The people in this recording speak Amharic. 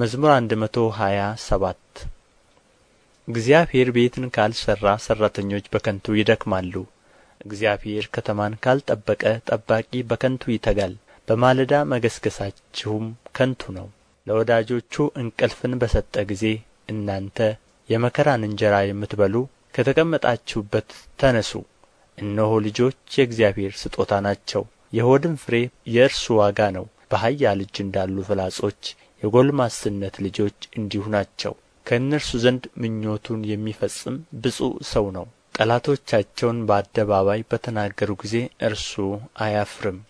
መዝሙር አንድ መቶ ሀያ ሰባት እግዚአብሔር ቤትን ካልሠራ ሠራተኞች በከንቱ ይደክማሉ። እግዚአብሔር ከተማን ካልጠበቀ ጠባቂ በከንቱ ይተጋል። በማለዳ መገስገሳችሁም ከንቱ ነው። ለወዳጆቹ እንቅልፍን በሰጠ ጊዜ እናንተ የመከራን እንጀራ የምትበሉ ከተቀመጣችሁበት ተነሱ። እነሆ ልጆች የእግዚአብሔር ስጦታ ናቸው፣ የሆድም ፍሬ የእርሱ ዋጋ ነው። በኃያል እጅ እንዳሉ ፍላጾች የጎልማስነት ልጆች እንዲሁ ናቸው ከእነርሱ ዘንድ ምኞቱን የሚፈጽም ብፁዕ ሰው ነው ጠላቶቻቸውን በአደባባይ በተናገሩ ጊዜ እርሱ አያፍርም